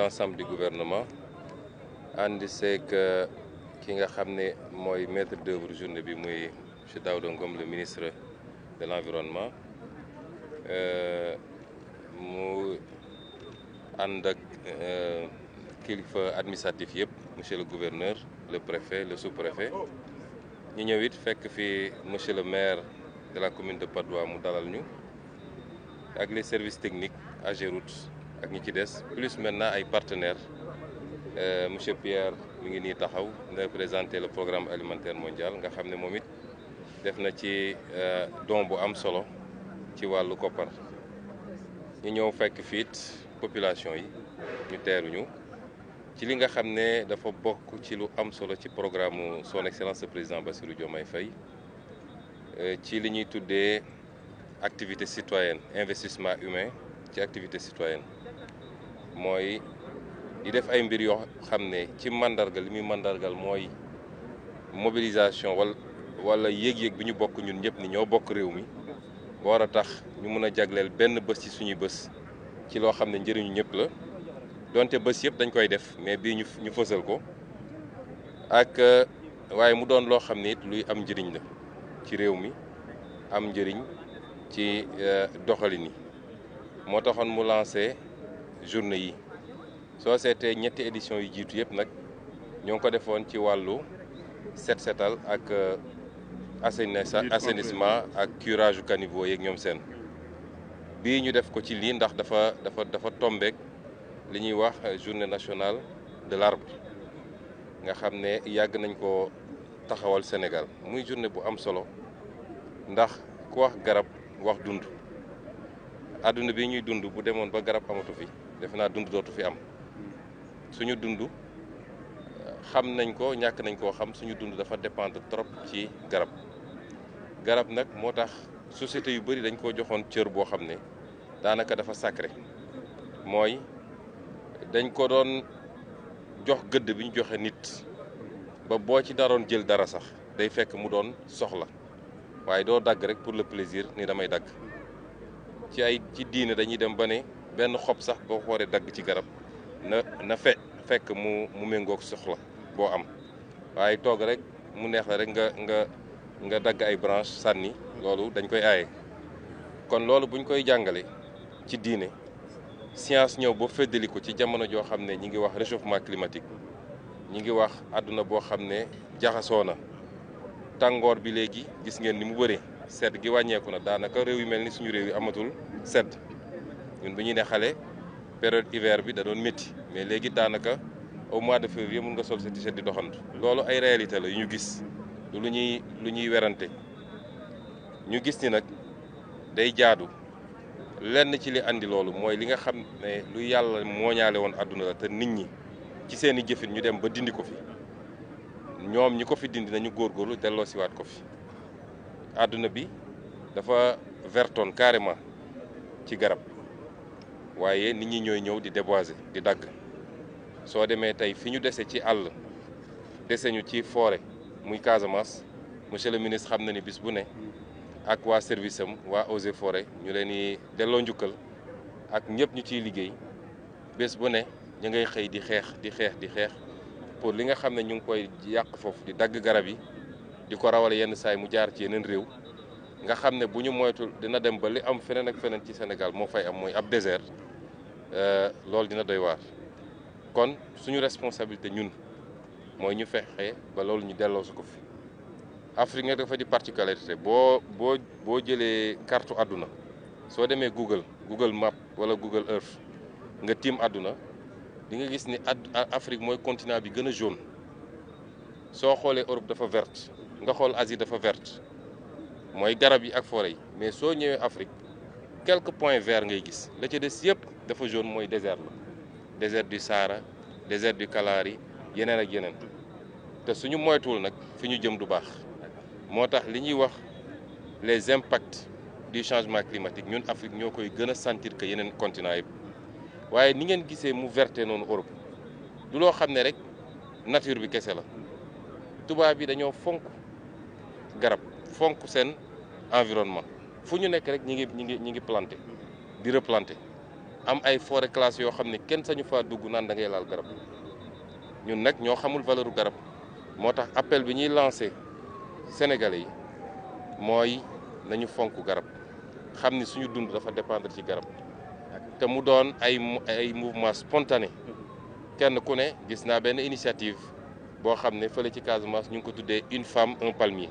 l'ensemble du gouvernement ànd seeg euh, ki nga xam ne mooy maître d'œuvre journée bi muy monsieur Daouda Ngom le ministre de l'environnement euh, mu ànd ak euh, kilifa administratif yëpp monsieur le gouverneur le préfet le sous-préfet ñu ñëw it fekk fi monsieur le maire de la commune de Padoua mu dalal ñu ak les services techniques Ageroute ak ñi ci des plus maintenant ay partenaires euh, monsieur Pierre mu ngi nii taxaw na présenté le programme alimentaire mondial nga xam ne moom it def na ci euh, don bu am solo ci wàllu koppar ñu ñëw fekk fiit population yi ñu teeruñu ci li nga xam ne dafa bokk ci lu am solo ci programme son excellence le président Bassirou Diomaye Faye euh, ci li ñuy tuddee activité citoyenne investissement humain ci activité citoyenne mooy di def ay mbir yoo xam ne ci mandarga li muy mandargal mooy mobilisation wala wala yéeg-yéeg bi ñu bokk ñun ñëpp ni ñoo bokk réew mi ba war a tax ñu mun a jagleel benn bés ci suñuy bés ci loo xam ne njëriñu ñëpp la donte bés yëpp dañ koy def mais bii ñu ñu fësal ko ak euh, waaye mu doon loo xam ne luy am njëriñ la ci réew mi am njëriñ ci euh, doxalin yi moo taxoon mu lancé journée yi soo seetee ñetti édition yu jiitu yëpp nag ñoo ngi ko defoon ci wàllu set setal ak euh, assainissement ak curage caniveau yeeg ñoom seen bii ñu def ko ci lii ndax dafa dafa dafa tombeek li ñuy wax euh, journée nationale de l'arbre nga xam ne yàgg nañ ko taxawal Sénégal muy journée bu am solo ndax ku wax garab wax dund àdduna bi ñuy dund bu demoon ba garab amatu fi defe naa dund dootu fi am suñu dund xam nañ ko ñàkk nañ koo xam suñu dund dafa dépendre trop ci garab garab nag moo tax société yu bëri dañ koo joxoon cër boo xam ne daanaka dafa sacré mooy dañ ko doon jox gëdd bi ñu joxe nit ba boo ci daroon jël dara sax day fekk mu doon soxla waaye doo dagg rek pour le plaisir ni damay dagg ci ay ci diine dañuy dem ba ne benn xob sax boo xoolee dagg ci garab na na fe fekk mu mu méngoog soxla boo am waaye toog rek mu neex la rek nga nga nga dagg ay branche sànni loolu dañ koy aaye kon loolu buñ koy jàngale ci diine science ñëw ba feddali ko ci jamono joo xam ne ñi ngi wax réchauffement climatique ñi ngi wax àdduna boo xam ne jaxasoo na tàngoor bi léegi gis ngeen ni mu bëree sedd gi wàññeeku na daanaka réew yu mel ni suñu réew yi amatul sedd ñun bu ñuy ne xale période hiver bi da doon métti mais léegi daanaka au mois de février mun nga sol sa t-shirt di doxantu. loolu ay réalité la yu ñu gis lu ñuy lu ñuy werante ñu gis ni nag day jaadu lenn ci li andi loolu mooy li nga xam ne lu yàlla mooñaale woon àdduna la te nit ñi ci seen i jëfin ñu dem ba dindi ko fi ñoom ñi ko fi dindi nañu góorgóorlu delloo siwaat ko fi àdduna bi dafa verton carrément ci garab waaye nit ñi ñooy ñëw di déboiser di dagg soo demee tey fi ñu dese ci àll dese ñu ci forêt muy Casamance monsieur le ministre xam na ni bis bu ne ak waa service am waa eaux et forêt ñu leen di delloo njukkal ak ñëpp ñu ciy liggéey bés bu ne ñu ngay xëy di xeex di xeex di xeex pour li nga xam ne ñu ngi koy yàq foofu di dagg garab yi di ko rawale yenn saay mu jaar ci yeneen réew nga xam ne bu ñu moytul dina dem ba li am feneen ak feneen ci Sénégal moo fay am mooy ab désert euh, loolu dina doy waar kon suñu responsabilité ñun mooy ñu fexe ba loolu ñu delloo su ko fi Afrique nga dafa di particularité boo boo boo jëlee carte àdduna soo demee Google Google Map wala Google Earth nga tiim àdduna di nga gis ni at Afrique mooy continent bi gën a jaune soo xoolee Europe dafa verte nga xool Asie dafa vert mooy garab yi ak forêt yi mais soo ñëwee Afrique quelque point verts ngay gis la ca des yëpp dafa jaune mooy désert la désert du Sahara désert du Kalahari yeneen ak yeneen te suñu moytuwul nag fi ñu jëm du baax moo tax li ñuy wax les impacts du changement climatique ñun Afrique ñoo koy gën a sentir yeneen continent yëpp waaye ni ngeen gisee mu verte noonu Europe du loo xam ne rek nature bi kese la tubaab yi dañoo fonk garab fonk seen environnement fu ñu nekk rek ñi ngi ñi ngi ñi ngi planté di replanté am ay forêt classée yoo xam ne kenn sañu faa dugg naan da ngay laal garab ñun nag ñoo xamul valeuru garab moo tax appel bi ñuy lancé Sénégalais yi mooy nañu fonk garab xam ni suñu dund dafa dépendre ci garab te mu doon ay ay mouvement spontané kenn ku ne gis naa benn initiative boo xam ne fële ci Casamance ñu ngi ko tuddee une femme un palmier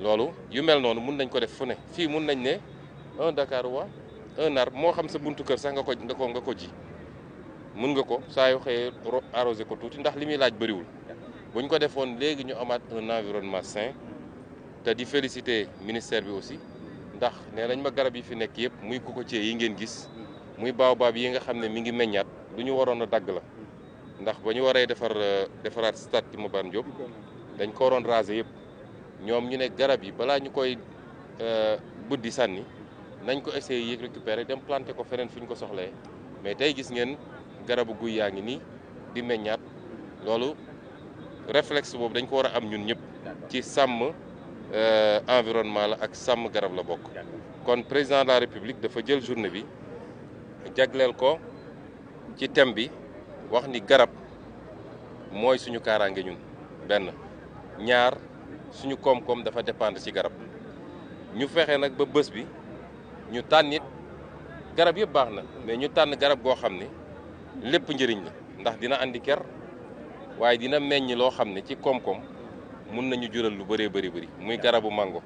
loolu yu mel noonu mun nañ ko def fu ne fii mun nañ ne un Dakar waa un arbre moo xam sa buntu kër sax nga ko nga ko nga ko ji mun nga ko saa yoo xëyee arrosé ko tuuti ndax li muy laaj bariwul bu ñu ko defoon léegi ñu amaat un environnement sain te di féliciter ministère bi aussi ndax nee nañ ma garab yi fi nekk yëpp muy cocotier yi ngeen gis muy baobab yi nga xam ne mi ngi meññaat lu ñu waroon a dagg la ndax ba ñu waree defar euh, defaraat stade Iba Mar Diop dañ ko waroon raser yëpp. ñoom ñu ne garab yi balaa ñu koy euh, buddi sànni nañ ko essayer yéeg récupérer dem planter ko feneen fu ko soxlee mais tey gis ngeen garabu guy yaa ngi nii di meññaat loolu réflexe boobu dañ ko war a am ñun ñëpp ci sàmm euh, environnement la ak sàmm garab la bokk kon président la république dafa jël journée bi jagleel ko ci thème bi wax ni garab mooy suñu kaaraange ñun benn ñaar suñu koom-koom dafa dépendre ci garab ñu fexe nag ba bës bi ñu tànn garab yëpp baax na mais ñu tànn garab goo xam ne lépp njëriñ la ndax dina andi ker waaye dina meññ loo xam ne ci koom-koom mun nañu jural lu bëree bëri bëri muy garabu mango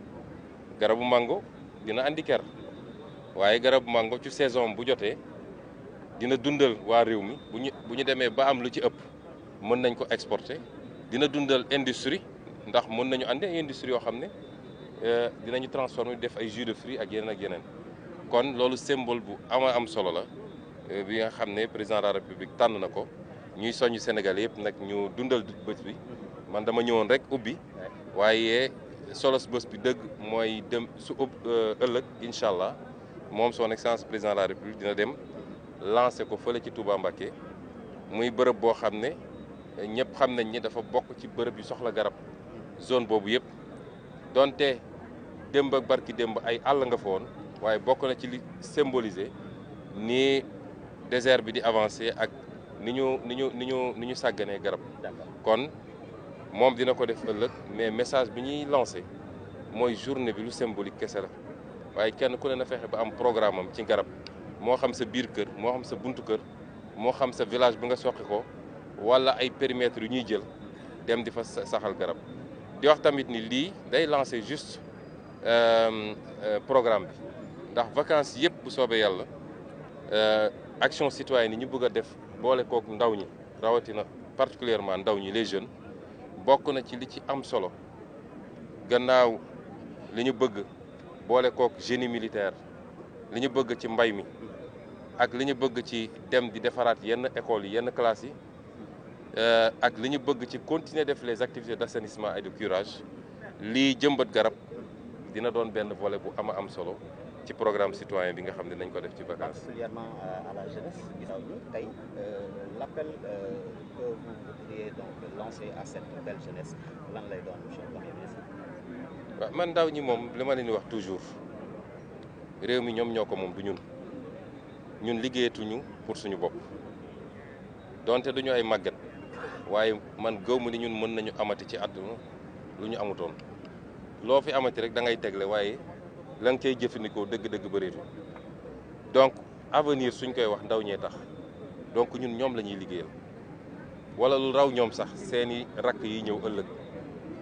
garabu mango dina indi ker waaye garabu mango ci saison bu jotee dina dundal waa réew mi bu ñu demee ba am lu ci ëpp mën nañ ko exporter dina dundal industrie ndax mun nañu andi ay industrie yoo xam ne euh, dinañu transformer def ay jus de fruits ak yeneen ak yeneen kon loolu symbole bu ama am solo la euh, bi nga xam ne président de la république tànn na ko ñuy soññ Sénégal yëpp nag ñu dundal bés bi man dama ñëwoon rek ubbi waaye solos bés bi dëgg mooy dem su ëpp euh, ëllëg incha allah moom soo son excellence président la république dina dem lancé ko fële ci Touba Mbacké muy bërëb boo xam ne ñëpp xam nañ ni dafa bokk ci bërëb yu soxla garab zone boobu yëpp donte démb ak barki démb ay àll nga fa woon waaye bokk na ci li symboliser ni désert bi di avancé ak ni ñu ni ñu ni ñu ni ñu sàgganee garab kon moom dina ko def ëllëg mais message bi ñuy lancé mooy journée bi lu symbolique kese la waaye kenn ku ne na fexe ba am programme am ci garab moo xam sa biir kër moo xam sa buntu kër moo xam sa village bi nga soqi ko wala ay périmètres yu ñuy jël dem di fa saxal garab di wax tamit ni lii day lancer juste euh, euh, programme bi ndax vacances yëpp bu soobee yàlla euh, action citoyenne yi ñu bëgg a def boole kook ndaw ñi rawatina particulièrement ndaw ñi les jeunes bokk na ci li ci am solo gannaaw li ñu bëgg boole kook génie militaire li ñu bëgg ci mbay mi ak li ñu bëgg ci dem di defaraat yenn écoles yi yenn classes yi Euh, ak li ñu bëgg ci continuer def les activités d'assainissement et de curage lii jëmbat garab dina doon benn volet bu ama am solo ci programme citoyen bi nga xam ne nañ ko def ci vacances. particulièrement euh, à la euh, man ndaw ñi moom li ma leen ni wax toujours réew mi ñoom ñoo ko moom du ñun ñun liggéeyatuñu pour suñu bopp donte duñu ay màgget waaye man gëw ma ni ñun mën nañu amati ci àdduna lu ñu amutoon loo fi amati rek da ngay tegle waaye la nga koy jëfandikoo dëgg-dëgg bëreetul donc avenir suñ koy wax ndaw ñee tax donc ñun ñoom la ñuy liggéeyal wala lu raw ñoom sax seeni rakk yi ñëw ëllëg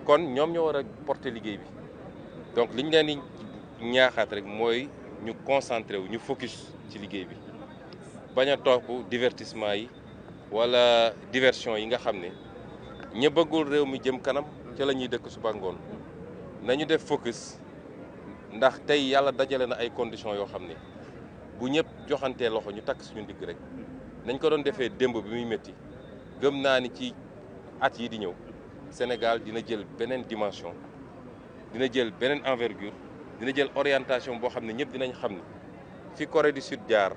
kon ñoom ñoo war a porter liggéey bi donc li ñu leen di ñaaxaat rek mooy ñu concentré wu ñu focus ci liggéey bi bañ a topp divertissement yi wala diversion yi nga xam ne ña bëggul réew mi jëm kanam ca la ñuy dëkk suba ngoon nañu def focus ndax tey yàlla dajale na ay conditions yoo xam ne bu ñëpp joxantee loxo ñu takk suñu ndigg rek nañ ko doon defee démb bi muy métti gëm naa ni ci at yi di ñëw Sénégal dina jël beneen dimension dina jël beneen envergure dina jël orientation boo xam ne ñëpp dinañ xam ne fi Corée du Sud jaar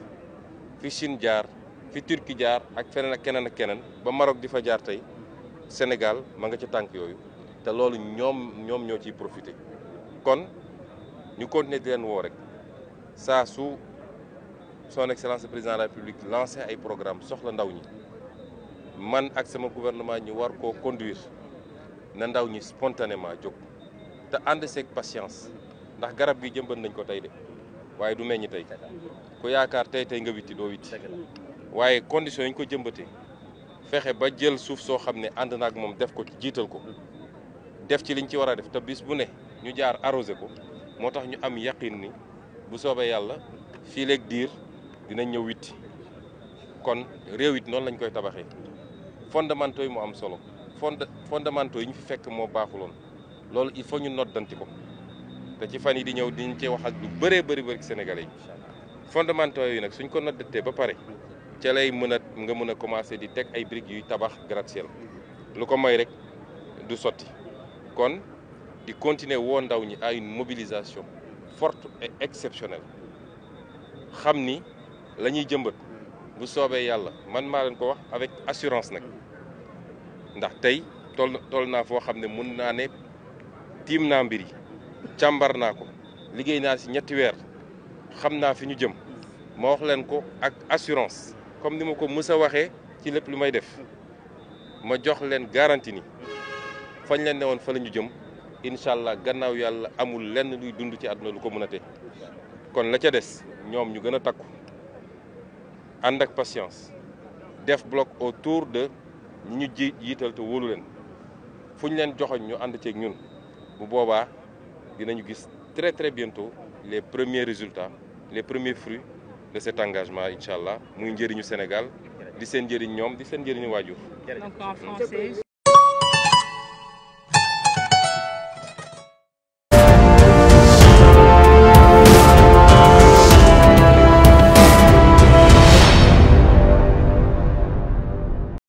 fi Chine jaar fi Turquie jaar ak feneen ak keneen ak keneen ba Maroc di fa jaar tey Sénégal ma nga ci tànk yooyu te loolu ñoom ñoom ñoo ciy profité kon ñu continuer di leen woo rek saa su son excellence le président la république lancé ay programme soxla ndaw ñi man ak sama gouvernement ñu war koo conduire na ndaw ñi spontanément jóg te ànd seek patience ndax garab gi jëmbat nañ ko tey de waaye du meññ tey ku yaakaar tey tey nga witti doo witti waaye condition yi ñu ko jëmbatee fexe ba jël suuf soo xam ne ànd na ak moom def ko jiital ko def ci liñ ci war a def te bis bu ne ñu jaar arrosé ko moo tax ñu am yaqin ni bu soobee yàlla fii léeg diir dinañ ñëw witti kon réew it noonu lañ koy tabaxee fondamentaux yi mu am solo fond fondamentaux yi ñu fi fekk moo baaxuloon loolu il faut ñu noddanti ko te ci fan yi di ñëw dinañ cee wax ak lu bëree bëri bëri Sénégalais yi fondamentaux nag suñ ko noddatee ba pare ca lay mën a nga mën a commencer di teg ay briques yuy tabax gratte lu ko may rek du sotti kon di continuer woo ndaw ñi ay une mobilisation forte et exceptionnelle xam ni la ñuy jëmbat bu soobee yàlla man maa leen ko wax avec assurance nag ndax tey toll toll naa foo xam ne mun naa ne tiim naa mbir yi càmbar naa ko liggéey naa ci ñetti weer xam naa fi ñu jëm ma wax leen ko ak assurance comme ni ma ko mës a waxee ci lépp lu may def ma jox leen garantie ni fañ leen ne woon fa la ñu jëm incha allah gannaaw yàlla amul lenn luy dund ci àdduna lu ko mën a te kon la ca des ñoom ñu gën a takku ànd ak patience def bloc autour de ñi ñu ji jiital te wóolu leen fu ñu leen joxoñ ñu ànd ceeg ñun bu boobaa dinañu gis très très bientôt les premier résultats les premiers fruits de cet engagement incha allah muy njëriñu Sénégal di seen njëriñ ñoom di seen njëriñu waajur.